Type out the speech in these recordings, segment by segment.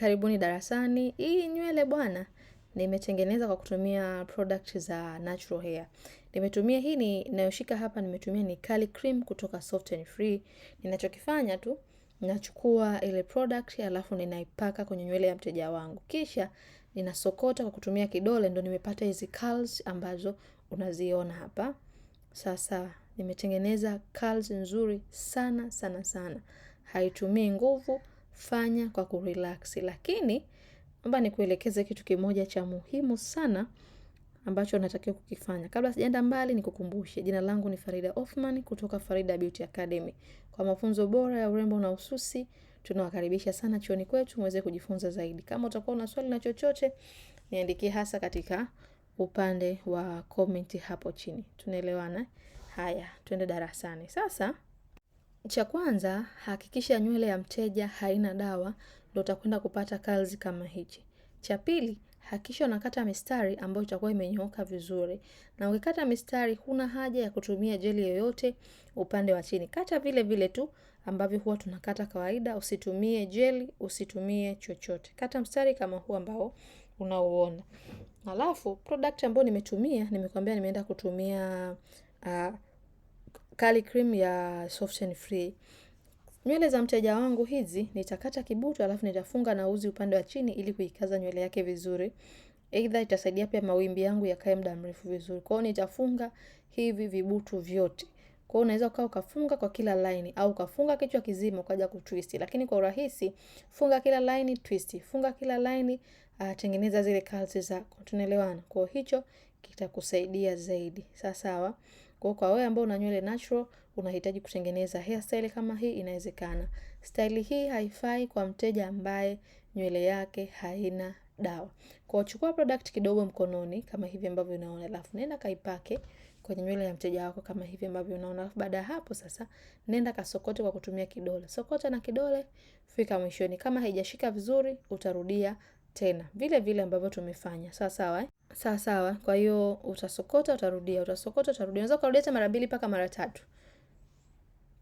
Karibuni darasani. Hii nywele bwana nimetengeneza kwa kutumia product za natural hair. Nimetumia hii ni nayoshika hapa, nimetumia ni curly cream kutoka Soft and Free. Ninachokifanya tu nachukua ile product alafu ninaipaka kwenye nywele ya mteja wangu, kisha ninasokota kwa kutumia kidole, ndo nimepata hizi curls ambazo unaziona hapa. Sasa nimetengeneza curls nzuri sana sana sana, haitumii nguvu fanya kwa kurelaksi, lakini naomba nikuelekeze kitu kimoja cha muhimu sana ambacho natakiwa kukifanya. Kabla sijaenda mbali, nikukumbushe jina langu ni Farida Othman kutoka Farida Beauty Academy. Kwa mafunzo bora ya urembo na ususi, tunawakaribisha sana chuoni kwetu muweze kujifunza zaidi. Kama utakuwa na swali na chochote, niandikie hasa katika upande wa comment hapo chini. Tunaelewana? Haya, twende darasani sasa. Cha kwanza, hakikisha nywele ya mteja haina dawa, ndo utakwenda kupata curls kama hichi. Cha pili, hakikisha unakata mistari ambayo itakuwa imenyooka vizuri. Na ukikata mistari, huna haja ya kutumia jeli yoyote upande wa chini. Kata vile vile tu ambavyo huwa tunakata kawaida, usitumie jeli, usitumie chochote. Kata mstari kama huu ambao unauona. Alafu product ambayo nimetumia, nimekuambia nimeenda kutumia ah, kali Cream ya Soft and Free. Nywele za mteja wangu hizi nitakata kibutu alafu nitafunga na uzi upande wa chini ili kuikaza nywele yake vizuri. Aidha itasaidia pia mawimbi yangu yakae muda mrefu vizuri. Kwa hiyo nitafunga hivi vibutu vyote. Kwa hiyo unaweza ukawa ukafunga kwa kila line au ukafunga kichwa kizima ukaja kutwist. Lakini kwa urahisi funga kila line twist. Funga kila line uh, tengeneza zile curls zako. Tunaelewana. Kwa hiyo hicho kitakusaidia zaidi. Sawa sawa. Kwa kwa wewe ambao una nywele natural, unahitaji kutengeneza hairstyle kama hii inawezekana. Style hii haifai kwa mteja ambaye nywele yake haina dawa. Kwa chukua product kidogo mkononi kama hivi ambavyo unaona, alafu nenda kaipake kwenye nywele ya mteja wako kama hivi ambavyo unaona. Alafu baada ya hapo sasa nenda kasokote kwa kutumia kidole. Sokota na kidole fika mwishoni. Kama haijashika vizuri utarudia tena vile vile ambavyo tumefanya sawa sawa eh? sawa sawa. Kwa hiyo utasokota utarudia, utasokota utarudia, unaweza kurudia hata mara mbili mpaka mara tatu,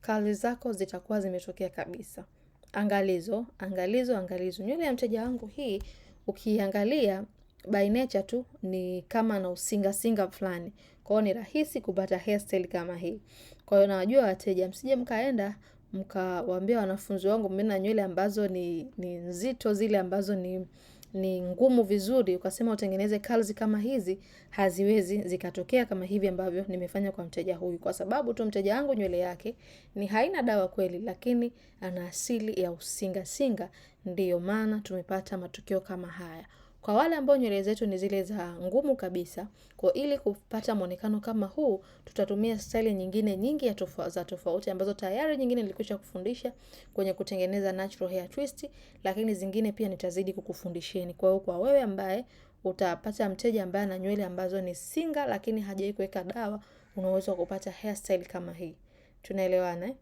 kazi zako zitakuwa zimetokea kabisa. Angalizo, angalizo, angalizo. Nywele ya mteja wangu hii ukiangalia by nature tu ni kama na usinga singa fulani, kwa hiyo ni rahisi kupata hairstyle kama hii. Kwa hiyo nawajua wateja, msije mkaenda mkawaambia wanafunzi wangu mimi na nywele ambazo ni, ni nzito zile ambazo ni ni ngumu vizuri, ukasema utengeneze curls kama hizi, haziwezi zikatokea kama hivi ambavyo nimefanya kwa mteja huyu, kwa sababu tu mteja wangu nywele yake ni haina dawa kweli, lakini ana asili ya usinga singa, ndiyo maana tumepata matokeo kama haya. Kwa wale ambao nywele zetu ni zile za ngumu kabisa, kwa ili kupata mwonekano kama huu, tutatumia staili nyingine nyingi ya tofa, za tofauti ambazo tayari nyingine nilikwisha kufundisha kwenye kutengeneza natural hair twist, lakini zingine pia nitazidi kukufundisheni. Kwa hiyo kwa wewe ambaye utapata mteja ambaye ana nywele ambazo ni singa lakini hajai kuweka dawa, unaweza kupata hairstyle kama hii. Tunaelewana eh?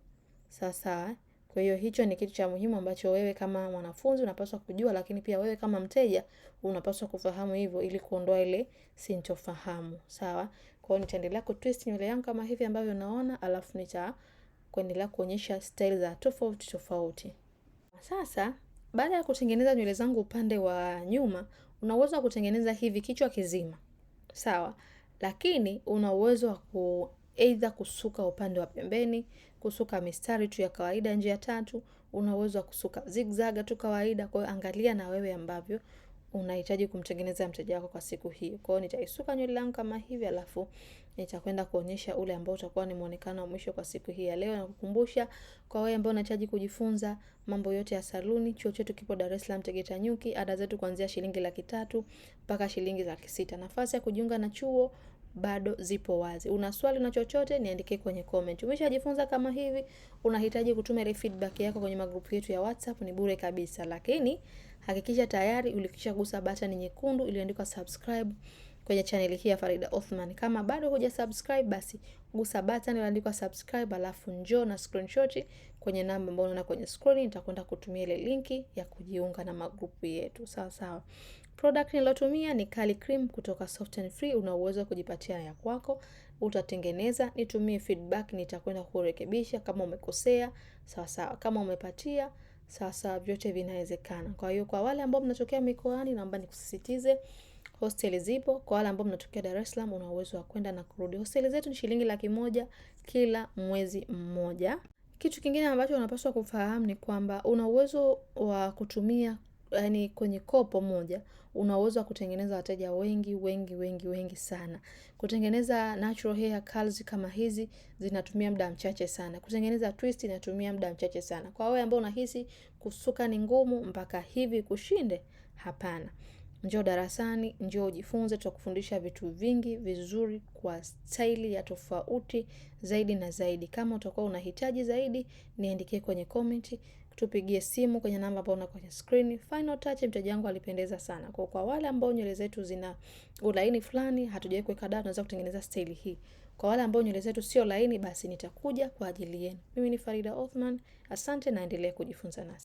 Sasa kwa hiyo hicho ni kitu cha muhimu ambacho wewe kama mwanafunzi unapaswa kujua, lakini pia wewe kama mteja unapaswa kufahamu hivyo ili kuondoa ile sintofahamu. Sawa? Kwa hiyo nitaendelea ku twist nywele yangu kama hivi ambavyo unaona, alafu nita kuendelea kuonyesha style za tofauti tofauti. Sasa baada ya kutengeneza nywele zangu upande wa nyuma, una uwezo wa kutengeneza hivi kichwa kizima. Sawa? Lakini una uwezo wa ku aidha kusuka upande wa pembeni kusuka mistari tu ya kawaida. Njia tatu, una uwezo wa kusuka zigzag tu kawaida. Kwa hiyo angalia na wewe ambavyo unahitaji kumtengeneza mteja wako kwa siku hiyo. Kwa hiyo nitaisuka nywele langu kama hivi, alafu nitakwenda kuonyesha ule ambao utakuwa ni muonekano wa mwisho kwa siku hii ya leo. Nakukumbusha kwa wewe ambao unahitaji kujifunza mambo yote ya saluni, chuo chetu kipo Dar es Salaam Tegeta Nyuki. Ada zetu kuanzia shilingi laki tatu mpaka shilingi laki sita. Nafasi ya kujiunga na chuo bado zipo wazi. Una swali na chochote, niandikie kwenye comment. Umeshajifunza kama hivi, unahitaji kutuma ile feedback yako kwenye magrupu yetu ya WhatsApp, ni bure kabisa, lakini hakikisha tayari ulikisha gusa button nyekundu iliyoandikwa subscribe kwenye channel hii ya Farida Othman. Kama bado huja subscribe, basi gusa button iliyoandikwa subscribe, alafu njoo na screenshot kwenye namba ambayo unaona kwenye screen. Nitakwenda kutumia ile linki ya kujiunga na magrupu yetu, sawa sawa. Product nilotumia ni Kali Cream kutoka Soft and Free, una uwezo wa kujipatia ya kwako, utatengeneza, nitumie feedback, nitakwenda kurekebisha kama umekosea, sawa sawa, kama umepatia sawa sawa, vyote vinawezekana. Kwa hiyo kwa wale ambao mnatokea mikoani, naomba nikusisitize hosteli zipo. Kwa wale ambao mnatokea Dar es Salaam, una uwezo wa kwenda na kurudi. Hosteli zetu ni shilingi laki moja kila mwezi mmoja. Kitu kingine ambacho unapaswa kufahamu ni kwamba una uwezo wa kutumia yani kwenye kopo moja una uwezo wa kutengeneza wateja wengi wengi wengi wengi sana. Kutengeneza natural hair curls kama hizi zinatumia muda mchache sana. Kutengeneza twist inatumia muda mchache sana. Kwa wewe ambao unahisi kusuka ni ngumu mpaka hivi kushinde, hapana. Njoo darasani, njoo ujifunze, tutakufundisha vitu vingi vizuri kwa staili ya tofauti zaidi na zaidi. Kama utakuwa unahitaji zaidi, niandikie kwenye komenti tupigie simu kwenye namba ambayo unaona kwenye screen. Final touch, mteja wangu alipendeza sana. Kwa kwa wale ambao nywele zetu zina ulaini fulani, hatujawahi kuweka dawa, tunaweza kutengeneza staili hii. Kwa wale ambao nywele zetu sio laini, basi nitakuja kwa ajili yenu. Mimi ni Farida Othman, asante, naendelea kujifunza nasi.